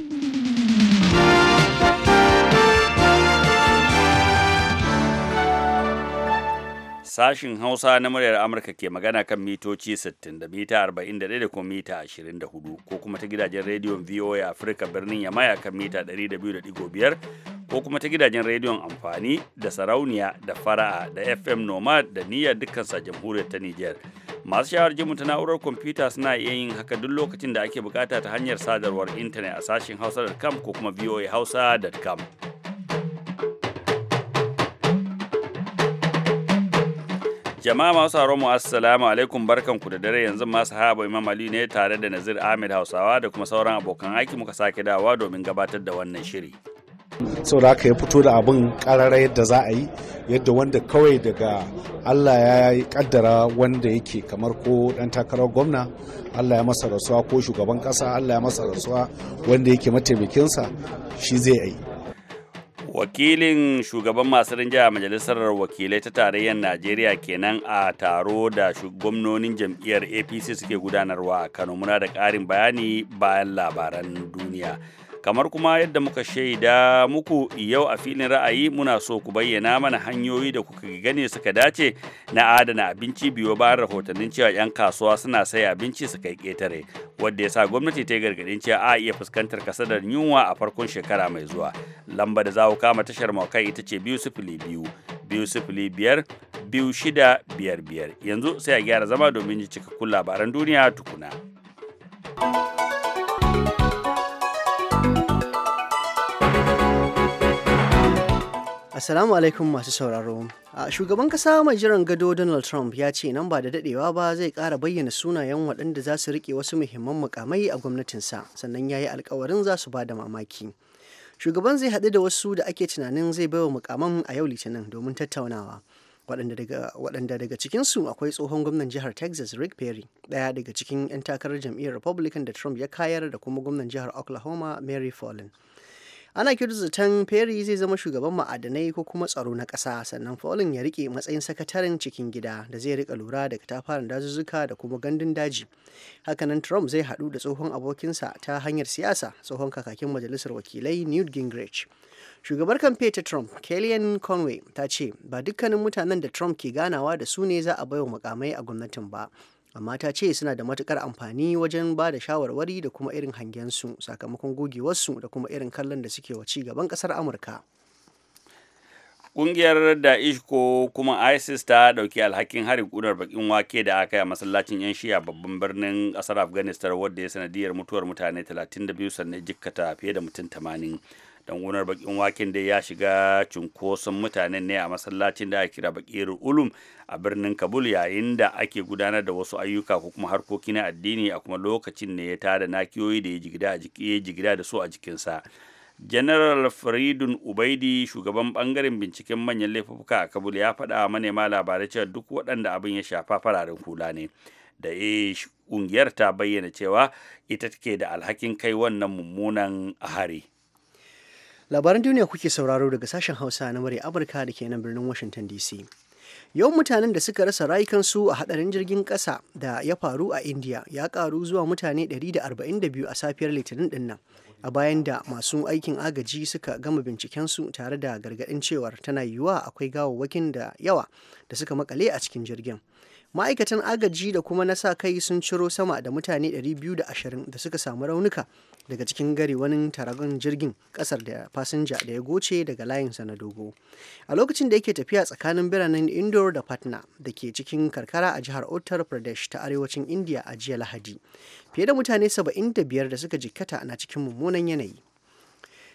Mm-hmm. Sashin Hausa na muryar Amurka ke magana kan mitoci 60 da mita 41 da kuma mita 24 ko kuma ta gidajen rediyon VOA afirka birnin Yamaya kan mita 200.5 ko kuma ta gidajen rediyon amfani da sarauniya da fara'a da FM Nomad da niyyar dukkan sa jamhuriyar ta Nijar. Masu shawar jimu ta na'urar kwamfuta suna iya yin haka duk lokacin da ake bukata ta hanyar sadarwar intanet a sashin hausa.com ko kuma voa Hausa.com. Jama'a masu haro mu assalamu alaikum barkanku da dare yanzu masu sahaba Imam Ali ne tare da Nazir Ahmed Hausawa da kuma sauran abokan aiki muka sake dawa domin gabatar da wannan shiri. Sau da haka ya fito da abin karara yadda za a yi yadda wanda kawai daga Allah ya yi kaddara wanda yake kamar ko dan takarar gwamna Allah ya masa rasuwa ko shugaban kasa Allah ya masa rasuwa wanda yake mataimakinsa shi zai yi. wakilin shugaban masu rinjaya majalisar wakilai ta tarayyar najeriya kenan a taro da gwamnonin jam'iyyar apc suke gudanarwa a kano muna da ƙarin bayani bayan labaran duniya kamar kuma yadda muka shaida muku yau a filin ra'ayi muna so ku bayyana mana hanyoyi da kuka gane suka dace na adana abinci biyo bayan rahotannin cewa 'yan kasuwa suna sai abinci su kai ƙetare wadda ya sa gwamnati ta gargadin cewa a iya fuskantar kasadar yunwa a farkon shekara mai zuwa lamba da za ku kama tashar maukai ita ce biyu sifili biyu biyu sifili biyar biyu shida biyar biyar yanzu sai a gyara zama domin ji cikakkun labaran duniya tukuna. thank you Assalamu alaikum masu sauraro. A shugaban kasa mai jiran gado Donald Trump ya ce nan ba da dadewa ba zai kara bayyana sunayen waɗanda za su rike wasu muhimman mukamai a gwamnatinsa, sannan ya yi alkawarin za su ba da mamaki. Shugaban zai haɗu da wasu da ake tunanin zai baiwa mukaman a yau Litinin domin tattaunawa. waɗanda daga, waɗanda daga cikinsu akwai tsohon gwamnan jihar texas rick perry ɗaya daga cikin 'yan takarar jam'iyyar republican da trump ya kayar da kuma gwamnan jihar oklahoma mary fallon ana kira zaton perry zai zama shugaban ma'adanai ko kuma tsaro na ƙasa sannan folin ya rike matsayin sakataren cikin gida da zai rika lura da katafaren dazuzzuka da kuma gandun daji hakanan trump zai hadu da tsohon abokinsa ta hanyar siyasa tsohon kakakin majalisar wakilai newt gingrich shugabar kamfe ta trump kellyanne conway ta ce ba dukkanin mutanen da trump ke ganawa da su ne za a bai wa mukamai a gwamnatin ba amma ta ce suna da matukar amfani wajen ba da shawarwari da kuma irin hangen su sakamakon gogewarsu da kuma irin kallon da suke wa gaban kasar amurka kungiyar Da'ish ko kuma ISIS ta dauki alhakin hari kunar bakin wake da aka yi a masallacin 'yan shiya babban birnin kasar Afghanistan wadda ya sanadiyar mutuwar mutane 32 sannan jikkata fiye da mutum 80. dan gunar bakin waken da ya shiga cunkoson mutanen ne a masallacin da ake kira bakirul ulum a birnin kabul yayin da ake gudanar da wasu ayyuka ko kuma harkoki na addini a kuma lokacin ne ya tada nakiyoyi da ya jigida da su a jikinsa general faridun ubaidi shugaban bangaren binciken manyan laifuka a kabul ya faɗa manema labarai cewa duk waɗanda abin ya shafa fararen hula ne da ƙungiyar ta bayyana cewa ita take da alhakin kai wannan mummunan hari. labaran duniya kuke sauraro daga sashen hausa na murya amurka da ke nan birnin washington dc yawan mutanen da suka rasa rayukansu a hadarin jirgin kasa da ya faru a india ya karu zuwa mutane 142 a safiyar litinin dinnan a bayan da masu aikin agaji suka gama bincikensu tare da gargaɗin cewar tana yiwuwa akwai gawawwakin da yawa da suka makale a cikin jirgin ma'aikatan agaji da kuma na sa kai sun ciro sama da mutane 220 da suka samu raunuka daga cikin gari wani taragon jirgin kasar da fasinja da ya goce daga layinsa na dogo a lokacin da yake tafiya tsakanin biranen indor da patna da ke cikin karkara a jihar uttar pradesh ta arewacin india a jiya lahadi fiye da mutane 75 da suka jikkata na cikin mummunan yanayi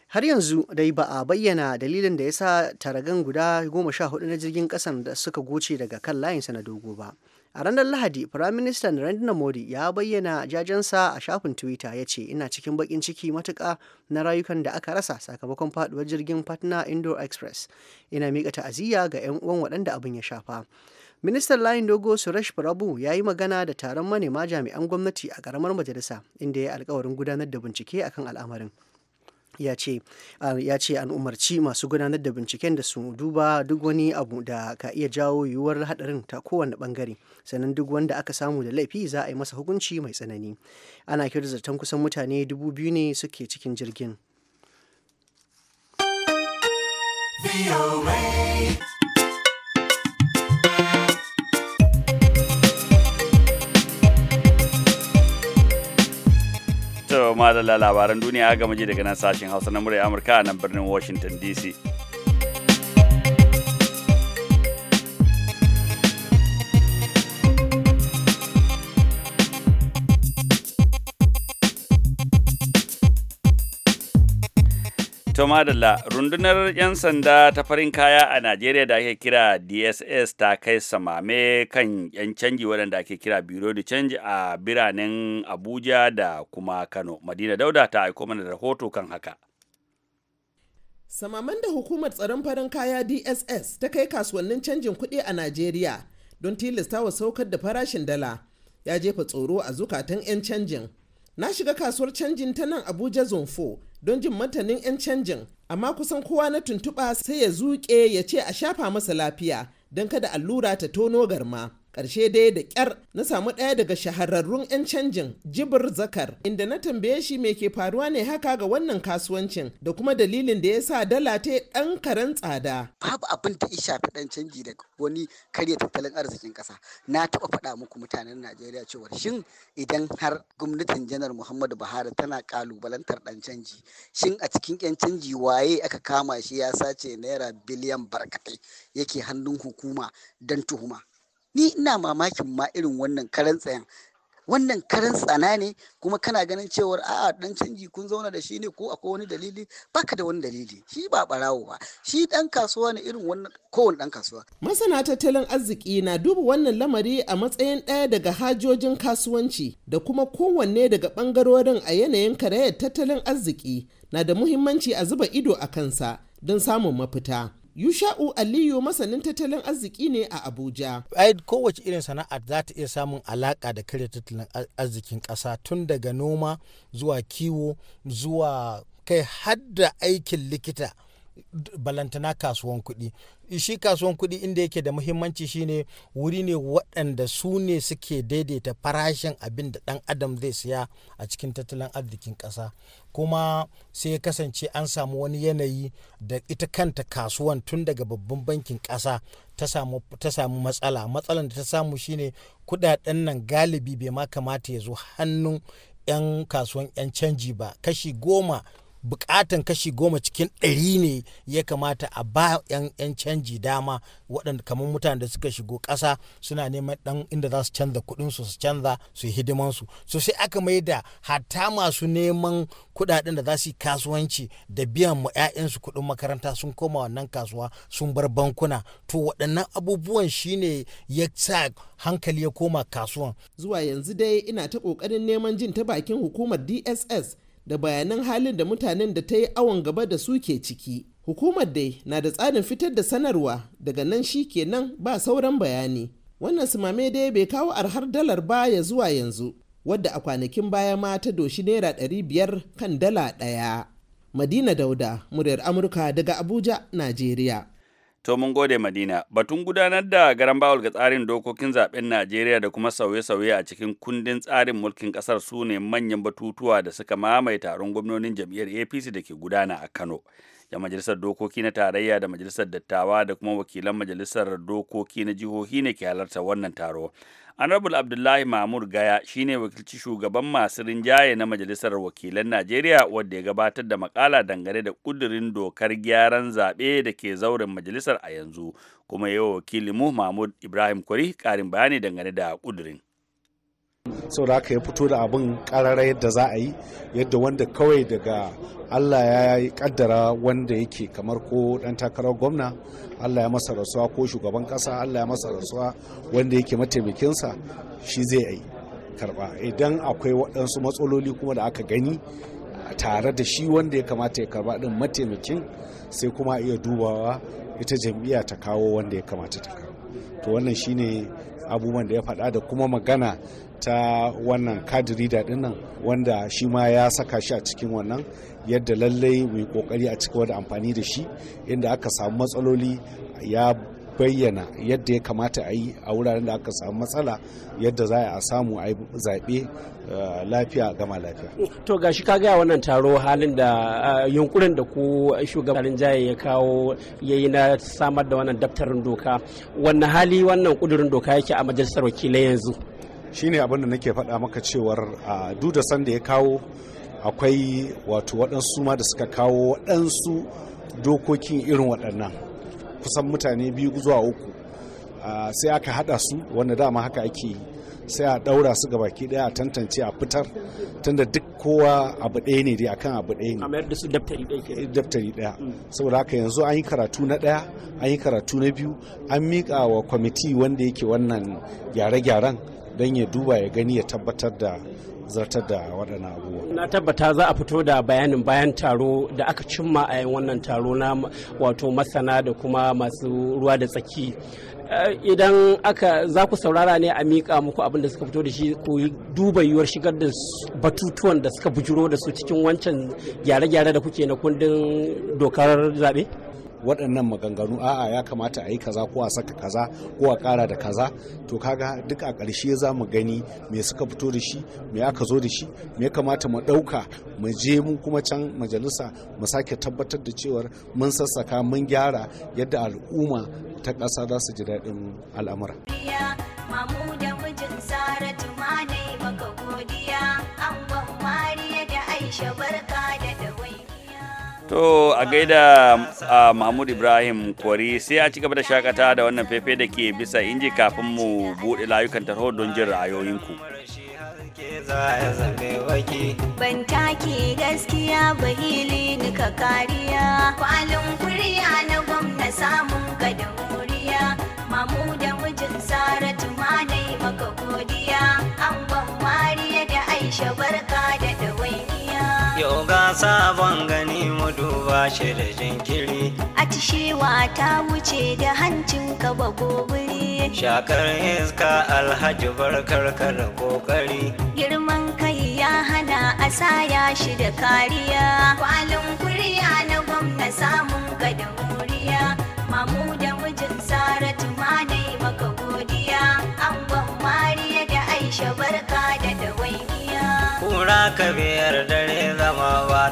har yanzu dai ba a bayyana dalilin da ya sa taragan guda goma sha hudu na jirgin kasan da suka goce daga kan layinsa na dogo ba a ranar lahadi firaministan narendra modi ya bayyana jajensa a shafin twitter ya ce ina cikin bakin ciki matuka na rayukan da aka rasa sakamakon faduwar jirgin patna indo express ina miƙa ta'aziyya ga 'yan uwan waɗanda abin ya shafa ministan layin dogo suresh prabhu ya yi magana da taron manema jami'an gwamnati a ƙaramar majalisa inda ya yi alkawarin gudanar da bincike akan al'amarin ya ce ya ce an umarci masu gudanar da binciken da su duba duk wani abu da ka iya jawo yiwuwar hadarin ta kowane bangare sannan duk wanda aka samu da laifi za a yi masa hukunci mai tsanani ana kira zaton kusan mutane dubu biyu ne suke cikin jirgin to madalla labaran duniya gama maji daga nan sashen hausa na murya amurka a nan birnin washington dc To madalla rundunar 'yan sanda ta farin kaya a Najeriya da ake kira DSS ta kai samame kan 'yan canji waɗanda ake kira Biro da Canji a biranen Abuja da kuma Kano. Madina Dauda ta aiko mana da rahoto kan haka. Samaman da hukumar tsaron farin kaya DSS ta kai kasuwannin canjin kuɗi a Najeriya don tilasta wa saukar da farashin dala ya jefa tsoro a zukatan 'yan canjin. Na shiga kasuwar canjin ta nan Abuja Zonfo don jin martanin 'yan canjin amma kusan kowa na tuntuɓa sai ya zuƙe ya ce a shafa masa lafiya don kada allura ta tono garma karshe dai da kyar na samu ɗaya daga shahararrun 'yan canjin jibir zakar inda na tambaye shi mai ke faruwa ne haka ga wannan kasuwancin da kuma dalilin da ya sa dala ta yi ɗan karen tsada. Babu abin da ya shafi ɗan canji da wani karya tattalin arzikin ƙasa. Na taɓa faɗa muku mutanen Najeriya cewa shin idan har gwamnatin janar Muhammadu Buhari tana kalubalantar ɗan canji shin a cikin 'yan canji waye aka kama shi ya sace naira biliyan barkatai yake hannun hukuma don tuhuma. ni ina mamakin ma irin wannan karan tsayan wannan karan tsana ne kuma kana ganin cewar a'a dan canji kun zauna da shi ne ko akwai wani dalili baka da wani dalili shi ba barawo ba shi dan kasuwa ne irin wannan kowane dan kasuwa masana tattalin arziki na duba wannan lamari a matsayin ɗaya daga hajojin kasuwanci da kuma kowanne daga bangarorin a yanayin karayar tattalin arziki na da muhimmanci a zuba ido a kansa don samun mafita Yusha'u Aliyu masanin tattalin arziki ne a Abuja. Ai kowace irin sana'a za ta iya samun alaka da karya tattalin arzikin ƙasa tun daga noma zuwa kiwo zuwa kai hadda aikin likita. balantana kasuwan kuɗi shi kasuwan kuɗi inda yake da muhimmanci shine wuri ne waɗanda su ne suke daidaita farashin abin da ɗan adam zai siya a cikin tattalin arzikin ƙasa kuma sai ya kasance an samu wani yanayi da ita kanta kasuwan tun daga babban bankin ƙasa ta samu matsala matsalan da ta samu shine kuɗaɗen nan galibi bai ma kamata ya zo hannun 'yan kasuwan 'yan canji ba kashi goma bukatan kashi goma cikin ɗari ne ya kamata a ba 'yan canji dama waɗanda kamar mutanen da suka shigo ƙasa suna neman ɗan inda za su canza kuɗin su su canza su yi hidimansu so sai aka mai da hatta masu neman kuɗaɗen da za su yi kasuwanci da biyan mu 'ya'yansu kuɗin makaranta sun koma wannan kasuwa sun bar bankuna to waɗannan abubuwan shine ya sa hankali ya koma kasuwan zuwa yanzu dai ina ta ƙoƙarin neman jin ta bakin hukumar dss da bayanan halin da mutanen da ta yi awon gaba da su ke ciki hukumar dai na da tsarin fitar da sanarwa daga nan shi kenan ba sauran bayani wannan simame dai bai kawo arhar dalar ba ya zuwa yanzu wadda a kwanakin baya ma ta doshi naira ɗari biyar kan dala ɗaya madina dauda muryar amurka daga abuja najeriya To mun gode Madina, batun gudanar da garan bawul ga tsarin dokokin zaben Najeriya da kuma sauye-sauye a cikin kundin tsarin mulkin kasar su ne manyan batutuwa da suka mamaye taron gwamnonin jam'iyyar APC da ke gudana a Kano. Da majalisar dokoki na tarayya da majalisar dattawa da kuma wakilan majalisar dokoki na jihohi ne ke halarta wannan taro. Honorable Abdullahi Mahmud Gaya shi ne wakilci shugaban masu rinjaye na Majalisar Wakilan Najeriya wadda ya gabatar da makala dangane da ƙudurin dokar gyaran zaɓe da ke zauren majalisar a yanzu kuma yau wakilinmu Mahmud Ibrahim Kwari ƙarin bayani dangane da ƙudurin. sau da ya fito da abin karara yadda za a yi yadda wanda kawai daga allah ya kaddara wanda yake kamar ko dan takarar gwamna allah ya masa rasuwa ko shugaban kasa allah ya masa rasuwa wanda yake mataimakinsa shi zai yi karba idan akwai waɗansu matsaloli kuma da aka gani tare da shi wanda ya kamata ya karba din mataimakin sai kuma iya dubawa ita jam'iyya ta kawo wanda ya kamata ta kawo to wannan shine abubuwan da ya faɗa da kuma magana ta wannan kadiri da dinnan wanda shi ma ya saka shi a cikin wannan yadda lallai mai kokari a cikin da amfani da shi inda aka samu matsaloli ya bayyana yadda ya kamata a yi a wuraren da aka samu matsala yadda za a samu a zaɓe eh, lafiya gama lafiya. To gashi ka gaya wannan taro halin da eh, yunkurin da ku shugaban jaye ya kawo ya yi na samar da wannan daftarin doka wannan hali wannan kudurin doka yake a majalisar wakilai yanzu. shine abin da nake faɗa maka cewar a duk da sanda ya kawo akwai wato waɗansu ma da suka kawo waɗansu dokokin irin waɗannan kusan mutane biyu zuwa uku sai aka haɗa su wanda dama haka ake yi sai a ɗaura su ga baki ɗaya a tantance a fitar tunda duk kowa abu ɗaya ne dai akan abu ɗaya ne a mayar da su daftari ɗaya mm. saboda haka yanzu an yi karatu na ɗaya an yi karatu na biyu an miƙa wa kwamiti wanda yake wannan gyare-gyaren don ya duba ya gani ya tabbatar da zartar da waɗannan abubuwa. Na tabbata za a fito da bayanin bayan taro da aka cimma a yin wannan taro na wato masana da kuma masu ruwa da tsaki. Eh, idan aka za ku saurara ne a miƙa muku abin da suka fito da shi ku duba yiwuwar shigar da batutuwan da suka bujuro da su cikin wancan gyare-gyare da kuke na kundin dokar zaɓe? waɗannan maganganu a'a ya kamata a yi kaza ko a saka kaza ko a ƙara da kaza to kaga duk a ƙarshe za mu gani me suka fito da shi me aka zo da shi me ya kamata mu ɗauka mu je mu kuma can majalisa mu sake tabbatar da cewar mun sassaka mun gyara yadda al'umma ta ƙasa za su ji daɗin al'amura. Saratu To a gaida a Mahmud Ibrahim Kwari sai a ci gaba da shakata da wannan fefe da ke bisa inji kafin mu buɗe layukan tarho don jin ra'ayoyinku. Ban take gaskiya ba hili ni ka kariya, kwalin kuriya na gwamna samun ka da muriya, mamu da mijin saratu ma maka godiya, an ban mariya da aisha barka. yau ga sabon gani mu duba shi da jinkiri atishewa ta wuce da hancin ka ba gobiri shakar iska alhaji barkar ka da kokari girman kai ya hana a saya shi da kariya kwalin kuriya na gwamna samun ka da muriya mamu da mijin saratu ma maka godiya an mariya da aisha barka da dawainiya kura ka biyar dare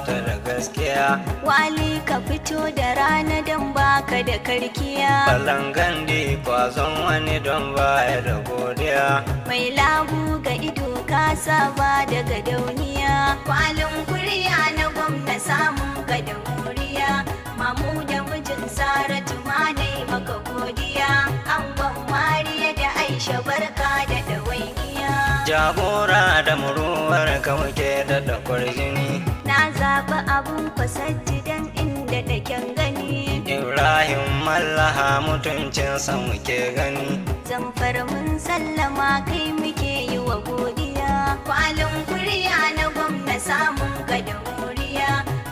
ta gaskiya wali ka fito da rana don baka da karkiya balangan di kwazon wani don baya da godiya mai labu ga ido ka saba daga dauniya kwalin kuriya na gwamna samun ga da muriya mamu da mijin saratu ma maka godiya an ban mariya da aisha barka da dawainiya jagora da muruwar ka muke da da kwarjin Allah mutuncin sa muke gani zamfar mun sallama kai muke yi wa godiya kwalin kuriya na gwamna samun ka da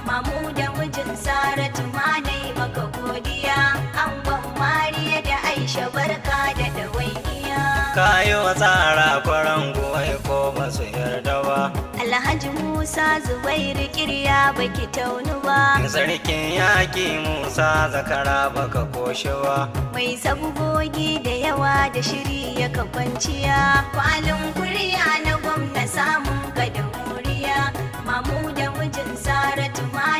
mamu da mijin saratu ma maka godiya an mariya da aisha barka da dawaiya kayo tsara kwarango masu su alhaji musa zubairu kirya baki taunu ba sarkin yaƙi musa zakara baka koshi ba mai sabugogi da yawa da shiri ya ka kwanciya kwalin kurya na gwamna samun gada da muriya mamu da mijin saratu ma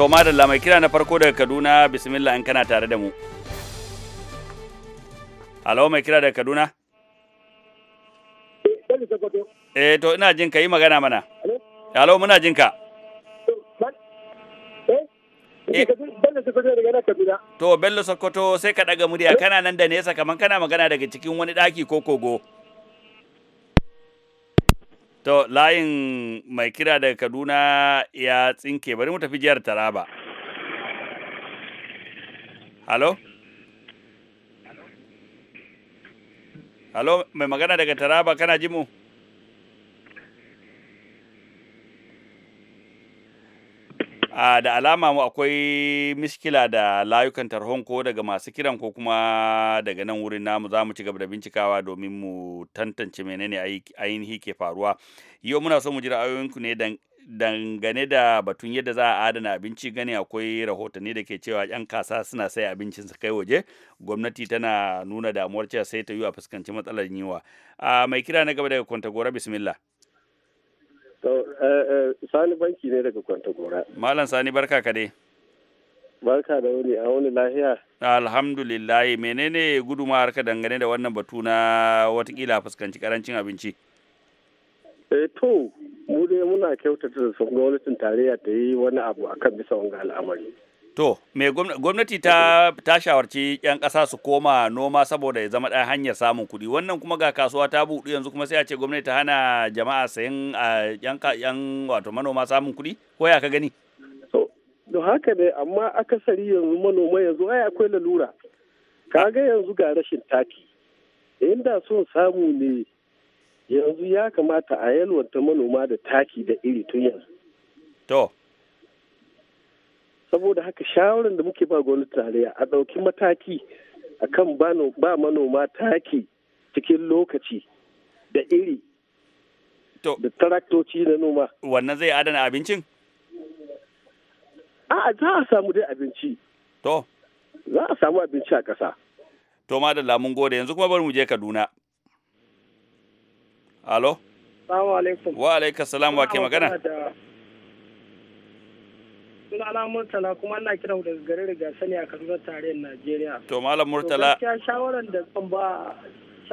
To madalla mai kira na farko daga Kaduna bismillah in kana tare da mu. Alo mai kira daga Kaduna? Eh to ina jin ka yi magana mana. Alo muna jin ka. Eh, eh. To Bello Sokoto sai ka ɗaga murya kana nan da nesa kaman kana magana daga cikin wani daki ko kogo. To layin mai kira daga Kaduna ya tsinke bari mu tafi jihar Taraba. Halo? Halo mai magana daga Taraba kana ji mu? Uh, da alama mu akwai miskila da layukan tarhon ko daga masu kiran ko kuma daga nan wurin namu za mu ci gaba da bincikawa domin mu tantance menene ainihi ke faruwa yau muna so mu ji ra'ayoyinku ne dangane da batun yadda za a adana abinci gani akwai rahotanni da ke cewa yan kasa suna sai abincin su kai waje gwamnati tana nuna damuwar cewa sai ta yi a fuskanci matsalar yiwa uh, mai kira na gaba daga kwantagora bismillah Eh, eh, Sani banki ne daga gora. Malam Sani barka ka dai. Barka da wuni a wani lahiya. Alhamdulillah menene har ka dangane da wannan batu na watakila fuskanci karancin abinci? Eh to, mu dai muna kyautata da gwamnatin tarayya ta yi wani abu a kan bisa wanga al'amari. To, me gwamnati ta, ta shawarci 'yan ƙasa su koma noma saboda ya zama ɗaya hanyar samun kuɗi. Wannan kuma ga kasuwa ta buɗu yanzu kuma sai a ce gwamnati ta hana jama'a sayan yan wato manoma samun kuɗi? Ko ya ka gani? So, don haka ne, amma akasari yanzu manoma yanzu ai akwai lalura. Kaga yanzu ga rashin taki. Inda son samu ne yanzu ya kamata a yalwanta manoma da taki da iri tun yanzu. To. saboda haka shawarar da muke ba gwamnati tarayya a ɗauki mataki kan ba manoma taki cikin lokaci da iri da taraktoci na noma wannan zai adana abincin a za a samu dai abinci to za a samu abinci a ƙasa to ma da lamun gode yanzu kuma bari mu je kaduna alo Salamu alaikum. Wa alaikum salam wa ke magana? suna ala murtala kuma ana kiran daga garin rigasani a kaduna tarayyar najeriya to malam murtala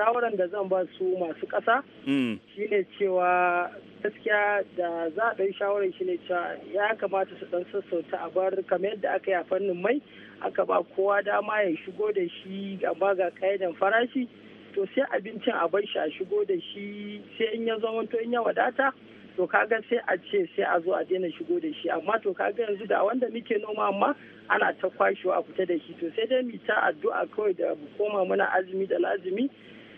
shawaran da zan ba su masu ƙasa hmm. shine cewa gaskiya da za a ɗan shawarar ne cewa ya kamata su ɗan sassauta a bar kamar yadda aka yi a fannin mai aka ba kowa dama ya shigo da shi amma ga ƙa'idan farashi to sai abincin a bar shi a shigo da shi sai in ya zamanto in ya wadata to kaga sai a ce sai a zo a daina shigo da shi amma to kaga yanzu da wanda muke noma amma ana ta kwashewa a fita da shi to sai dai mu ta addu'a kawai da koma muna azumi da lazumi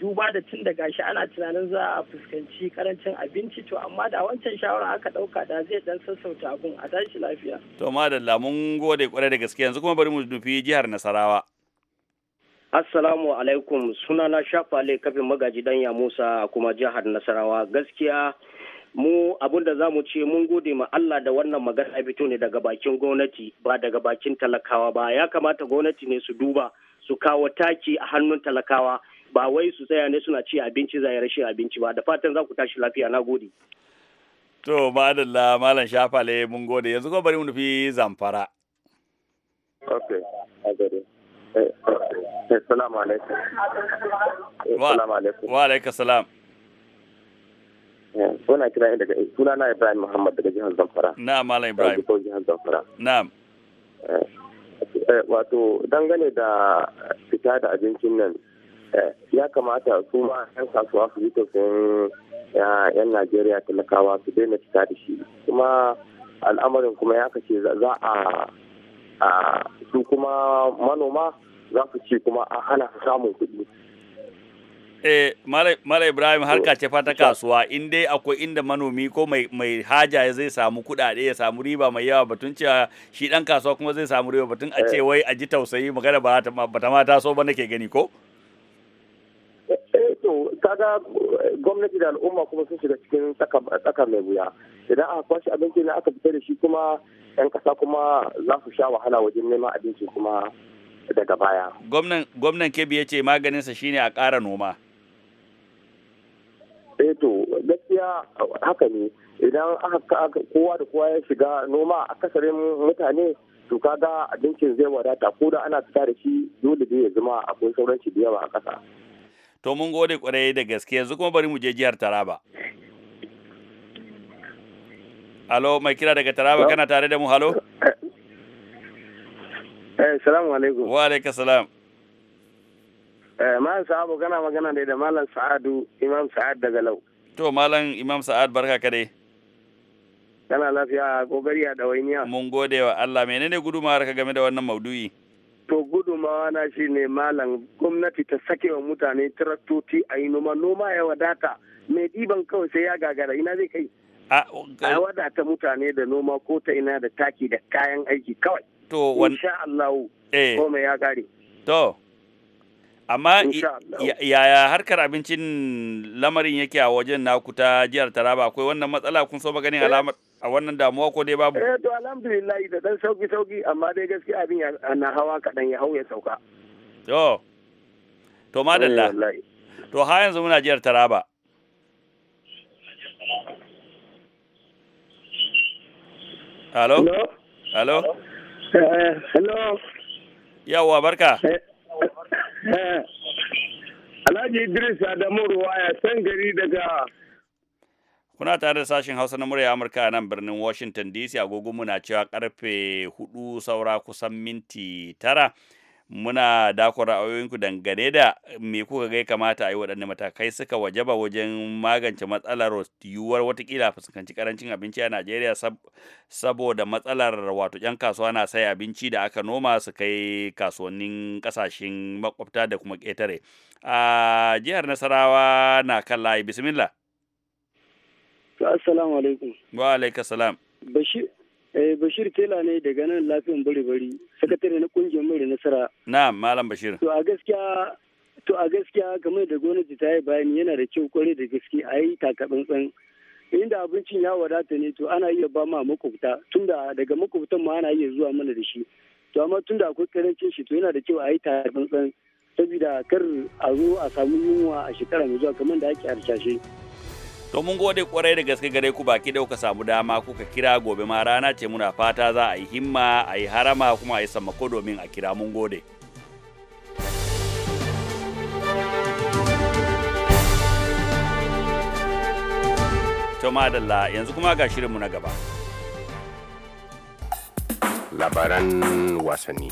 duba da tun da gashi ana tunanin za a fuskanci karancin abinci to amma da wancan shawara aka dauka da zai dan sassauta abun a tashi lafiya to madalla mun gode kwarai da gaske yanzu kuma bari mu nufi jihar Nasarawa Assalamu alaikum sunana Shafale kafin magaji dan ya Musa kuma jihar Nasarawa gaskiya abin da zamu ce mun gode ma Allah da wannan magana fito ne daga bakin gwamnati ba daga bakin talakawa ba ya kamata gwamnati ne su duba su kawo taki a hannun talakawa ba wai su tsaya ne suna ci abinci zai rashin abinci ba da fatan za ku tashi lafiya na gode to madalla malam shafale mun gode yanzu ko bari mu nufi zamfara okay assalamu eh, eh, alaikum eh, assalamu alaikum wa alaikum salam Suna kira daga suna na Ibrahim Muhammad daga jihar Zamfara. Na'am Malam Ibrahim. Daga eh, eh, dangane da fita da abincin nan eh, ya kamata su ma 'yan kasuwa su yi tafiyan 'yan Najeriya talakawa su daina fita da shi. Kuma al'amarin kuma ya kace za a su kuma manoma za su ce kuma a hana samun kuɗi. Eh, Mala Ibrahim harka ce fata kasuwa in dai akwai inda manomi ko mai, mai haja zai samu kuɗaɗe ya samu riba mai yawa batun cewa shi dan kasuwa kuma zai samu riba batun a ce eh. wai a ji tausayi magana ba ta ma so ba nake gani ko? Eh, eh, kaga gwamnati da al'umma kuma sun shiga cikin tsaka mai wuya idan aka kwashi abinci ne aka fita da shi kuma 'yan kasa kuma za su sha wahala wajen neman abinci kuma daga baya. Gwamnan kebi ya ce maganinsa shine a ƙara noma. eh to gaskiya haka ne idan aka kowa da kowa ya shiga noma a kasarin mutane to kaga abincin zai wadata ko da ana fita da shi dole zai ya zama akwai sauran shi da yawa a ƙasa. to mun gode kwarai da gaske yanzu kuma bari mu je jihar taraba alo mai kira daga taraba kana tare da mu halo eh salamu alaikum wa alaikum salam Eh, Malam Sa'adu kana magana da Malam Sa'adu Imam Sa'ad daga Lau. To Malam Imam Sa'ad barka ka dai. Kana lafiya gogari a ɗawainiya. Mun gode wa Allah menene gudumawar ka game da wannan maudu'i? To gudumawa na shi ne Malam gwamnati ta sake wa mutane tiraktoci a yi noma noma ya wadata mai ɗiban kawai sai ya gagara ina zai kai. A wadata mutane da noma ko ta ina da taki da kayan aiki kawai. To wani. Insha Allah. Eh. Kome ya kare. To. amma yaya harkar abincin lamarin yake a wajen naku ta jihar taraba akwai wannan matsala kun so maganin eh. alamar a wannan damuwa ko dai babu eh to alhamdulillah da dan sauki sauki amma dai gaskiya abin na hawa kadan ya hau ya sauka to to madalla eh, to ha yanzu muna jihar taraba Hello? Hello? Hello? Eh, hello? Yawwa barka. Eh, Alhaji Idris Adamu Ruwaya san gari daga Kuna tare da sashen Hausa na murya Amurka nan birnin Washington DC agogo muna cewa karfe hudu saura kusan minti tara. muna dako ra'ayoyinku dangane da me kuka ga kamata a yi waɗanne matakai suka wajaba wajen magance matsalar yiwuwar watakila fuskanci karancin abinci a Najeriya saboda matsalar wato 'yan kasuwa na sai abinci da aka noma su kai kasuwannin kasashen makwabta da kuma ƙetare. A jihar Nasarawa na kan layi bismillah. Assalamu alaikum. Wa salam. Eh Bashir Tela ne daga nan lafiyan bari bari sakatare na kungiyar mai nasara. Na'am Malam Bashir. To a gaskiya to a gaskiya game da gwamnati ta yi bayani yana da kyau kwarai da gaske a yi takatsantsan inda abincin ya wadata ne to ana iya ba ma makwabta tunda daga makwabtan ma ana iya zuwa mana da shi to amma tunda akwai karancin shi to yana da kyau a yi takatsantsan saboda kar a zo a samu yunwa a shekara mai zuwa kamar da ake harshashe. To mun gode kwarai da gaske gare ku baki da kuka samu dama kuka kira gobe ma rana ce muna fata za a yi himma a yi harama kuma a yi sammako domin a kira mun gode. To madalla yanzu kuma ga shirinmu na gaba. labaran wasanni.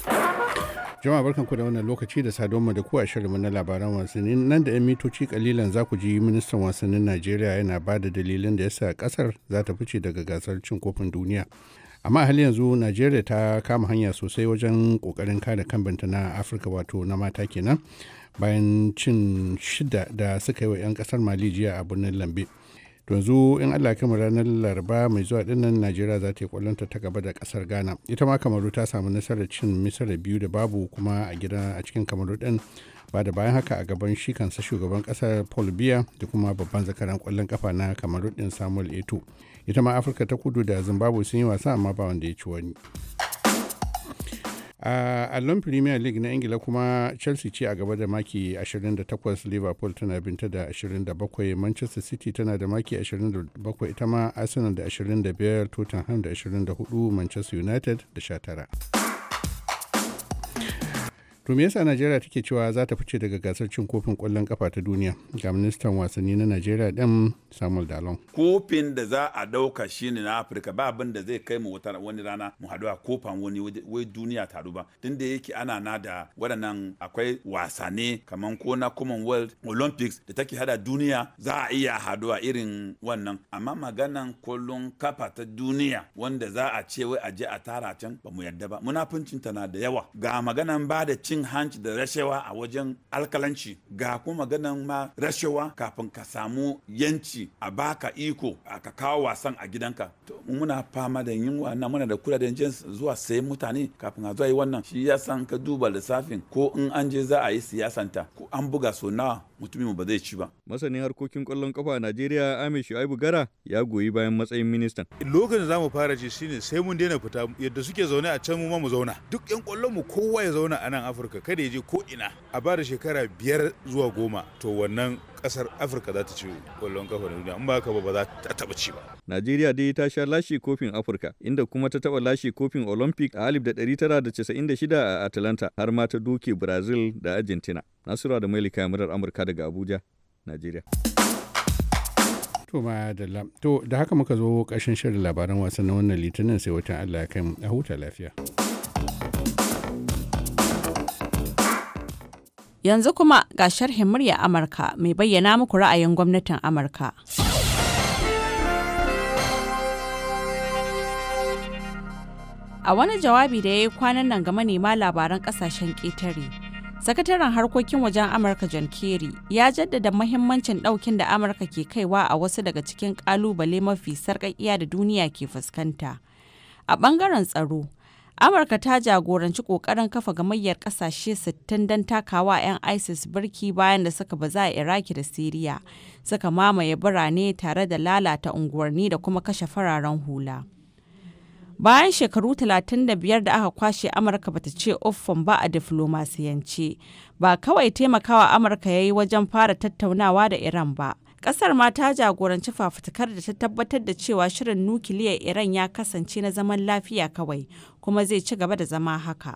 Jama'a barkanku da wannan lokaci da sadonmu da ku a shirinmu na labaran wasanni nan da 'yan mitoci kalilan za ku ji ministan wasannin Najeriya yana ba da dalilin da yasa kasar za ta fice daga gasar cin kofin duniya. Amma hali yanzu Najeriya ta kama hanya sosai wajen kokarin kare kambanta na Afirka wato na mata kenan bayan cin shida da suka yi wa 'yan kasar Mali jiya a birnin Lambe. yanzu in allah kama ranar laraba mai zuwa dinnan najeriya za ta yi kwallonta ta gaba da kasar ghana ita ma kamaru ta samu nasarar cin misar biyu da babu kuma a gida a cikin kamaru din ba da bayan haka a gaban shi kansa shugaban kasar paul biya da kuma babban zakaran kwallon kafa na kamaru din samuel eto ita ma afirka ta kudu da zimbabwe sun yi wasa amma ba wanda ya ci wani a allon premier league na ingila kuma chelsea ce a gaba da maki 28 liverpool tana binta da 27 manchester city tana da maki 27 ita ma arsenal da 25 tottenham da 24 manchester united da 19 to me yasa najeriya take cewa za ta fice daga gasar cin kofin kwallon kafa ta duniya ga ministan wasanni na najeriya dan samuel dalon kofin da za a dauka shine na afirka ba abin da zai kai mu wata wani rana mu hadu a kofan wani wai duniya taru ba tun da yake ana na da waɗannan akwai wasane kamar ko na commonwealth olympics da take hada duniya za a iya haɗuwa irin wannan amma maganan kwallon kafa ta duniya wanda za a ce wai a je a tara can ba mu yarda ba munafuncin na da yawa ga maganan ba da cin cin hanci da rashawa a wajen alkalanci ga kuma maganan ma rashawa kafin ka samu yanci a baka iko a ka kawo wasan a gidanka to muna fama da yunwa na muna da kula da jins zuwa sayan mutane kafin a zuwa yi wannan shi ya san ka duba lissafin ko in an je za a yi siyasanta ko an buga so na mutumin ba zai ci ba masanin harkokin kwallon kafa a Najeriya Ahmed Shu'aibu Gara ya goyi bayan matsayin ministan lokacin da zamu fara ji shine sai mun daina fita yadda suke zaune a can mu ma mu zauna duk yan kwallon mu kowa ya zauna a nan Afirka afirka kada ya je ko ina a bada shekara biyar zuwa goma to wannan kasar afirka za ta ci kwallon kafa na duniya in ba haka ba za ta taba ci ba najeriya dai ta sha lashe kofin afirka inda kuma ta taba lashe kofin olympic a 1996 a atlanta har ma ta duke brazil da argentina nasura da mai murar amurka daga abuja najeriya To To da haka muka zo ƙarshen shirin labaran wasan na wannan litinin sai wata Allah ya kai a huta lafiya. Yanzu kuma ga sharhin murya Amurka mai bayyana muku ra'ayin gwamnatin Amurka. A wani jawabi da ya yi kwanan nan ga manema labaran kasashen ƙetare, sakataren harkokin wajen Amurka John Kerry ya jaddada mahimmancin ɗaukin da Amurka ke kaiwa a wasu daga cikin ƙalubale mafi sarƙaƙiya da duniya ke fuskanta. A ɓangaren tsaro, amurka ta jagoranci kokarin kafa gamayyar kasashe 60 don takawa 'yan isis birki bayan da suka baza a iraki da siriya suka mamaye birane tare da lalata unguwanni da kuma kashe fararen hula bayan shekaru 35 da aka kwashe amurka bata ce uffan ba a diflomasiyance ba kawai taimakawa amurka ya yi wajen fara tattaunawa da iran ba Kasar ma ta jagoranci fafutukar da ta tabbatar da cewa shirin nukiliyar Iran ya kasance na zaman lafiya kawai kuma zai ci gaba da zama haka.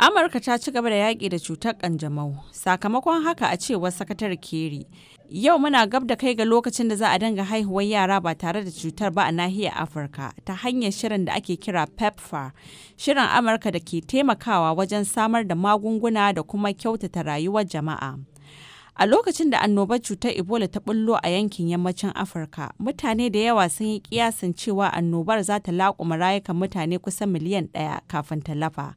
Amurka ta ci gaba da yaƙi da cutar ƙanjamau sakamakon haka a cewar sakatar Keri. Yau muna gab da kai ga lokacin da za a danga haihuwar yara ba tare da cutar ba a nahiyar Afirka ta hanyar shirin da ake kira PEPFAR, shirin Amurka da ke taimakawa wajen samar da magunguna da kuma kyautata rayuwar jama'a. A lokacin da annobar cutar Ebola ta bullo a yankin yammacin Afirka, mutane da yawa sun yi kiyasin cewa annobar za ta laƙuma rayukan mutane kusan miliyan ɗaya kafin ta lafa.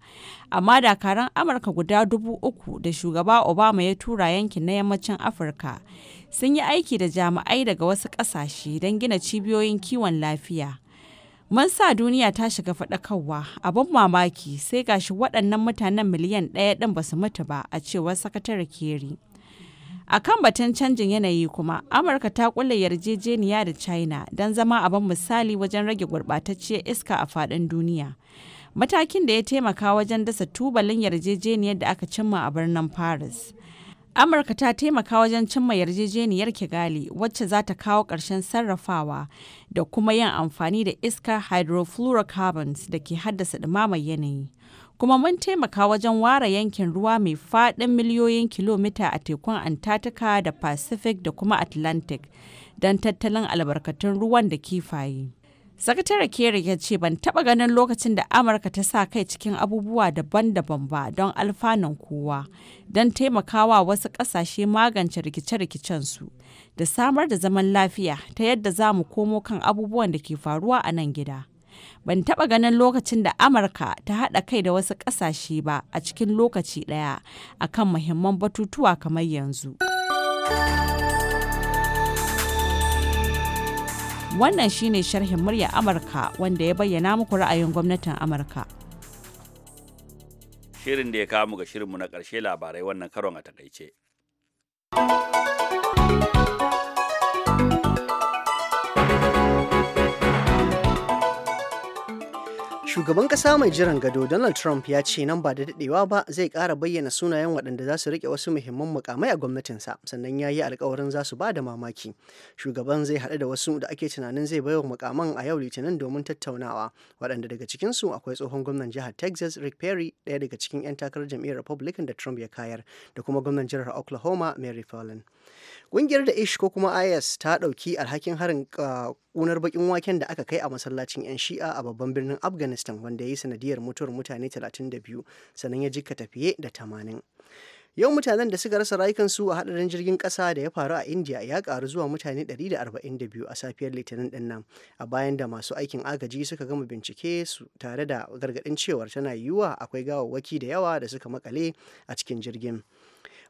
Amma dakaran Amurka guda dubu uku da shugaba Obama ya tura yankin na yammacin Afirka sun yi aiki da jami'ai daga wasu ƙasashe don gina cibiyoyin kiwon lafiya. Mun sa duniya ta shiga faɗakarwa abin mamaki sai gashi waɗannan mutanen miliyan ɗaya ɗin ba su mutu ba a cewar sakatare Kerry. a kan batun canjin yanayi kuma amurka ta kulle yarjejeniya da china don zama abin misali wajen rage gurɓatacciyar iska a faɗin duniya matakin da ya taimaka wajen dasa tubalin yarjejeniyar da aka cimma a birnin paris amurka ta taimaka wajen cimma yarjejeniyar kigali wacce za ta kawo ƙarshen sarrafawa da kuma yin amfani da iskar hydrofluorocarbons da ke haddasa ɗumamar yanayi kuma mun taimaka wajen ware yankin ruwa mai faɗin miliyoyin kilomita a tekun antarctica da pacific da kuma atlantic don tattalin albarkatun ruwan da kifaye sakatare kere ya ce ban taba ganin lokacin da amurka ta sa kai cikin abubuwa daban-daban ba don alfanun kowa don taimakawa wasu ƙasashe magance rikice rikicen su da samar da zaman lafiya ta yadda za mu komo kan abubuwan da ke faruwa a nan gida. ban taɓa ganin lokacin da amurka ta haɗa kai da wasu ƙasashe ba a cikin lokaci ɗaya akan muhimman batutuwa kamar yanzu wannan shine sharhin murya amurka wanda ya bayyana muku ra'ayin gwamnatin amurka shirin da ya kawo mu ga shirinmu na ƙarshe labarai wannan karon a takaice. Shugaban kasa mai jiran gado Donald Trump ya ce nan ba da dadewa ba zai kara bayyana sunayen waɗanda za su rike wasu muhimman mukamai a gwamnatinsa sannan ya yi alkawarin za su ba da mamaki. Shugaban zai haɗu da wasu da ake tunanin zai baiwa mukaman a yau litinin domin tattaunawa waɗanda daga cikinsu akwai tsohon gwamnan jihar Texas Rick Perry ɗaya daga cikin 'yan takarar jam'iyyar Republican da Trump ya kayar da kuma gwamnan jihar Oklahoma Mary Fallon. Ƙungiyar da ish ko kuma IS ta ɗauki alhakin harin ah, ƙunar bakin waken da aka kai a masallacin 'yan shi'a a babban birnin Afghanistan pakistan wanda ya yi sanadiyar mutuwar mutane 32 sannan ya jika tafiye da 80 yau mutanen da suka rasa rayukansu a hadarin jirgin kasa da ya faru a india ya karu zuwa mutane 142 a safiyar litinin din nan a bayan da masu aikin agaji suka gama bincike su tare da gargadin cewar tana yiwuwa akwai gawawwaki da yawa da suka makale a cikin jirgin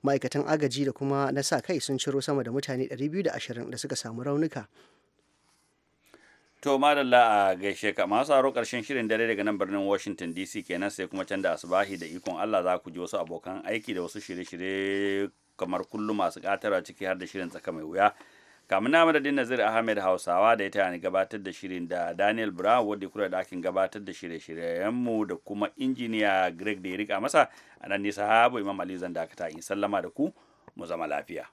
ma'aikatan agaji da kuma na sa kai sun ciro sama da mutane 220 da suka samu raunuka To madalla a gaishe ka masu aro karshen shirin dare daga nan birnin Washington DC kenan sai kuma can da asubahi da ikon Allah za ku ji wasu abokan aiki da wasu shirye-shirye kamar kullum masu katarwa ciki har da shirin tsaka mai wuya. kamin na madadin nazir ahmed hausawa da ya taya gabatar da shirin da daniel brown wadda kula da akin gabatar da shirye-shiryenmu da kuma injiniya greg da ya rika masa a nan nisa habu imam ali zan dakata in sallama da ku mu zama lafiya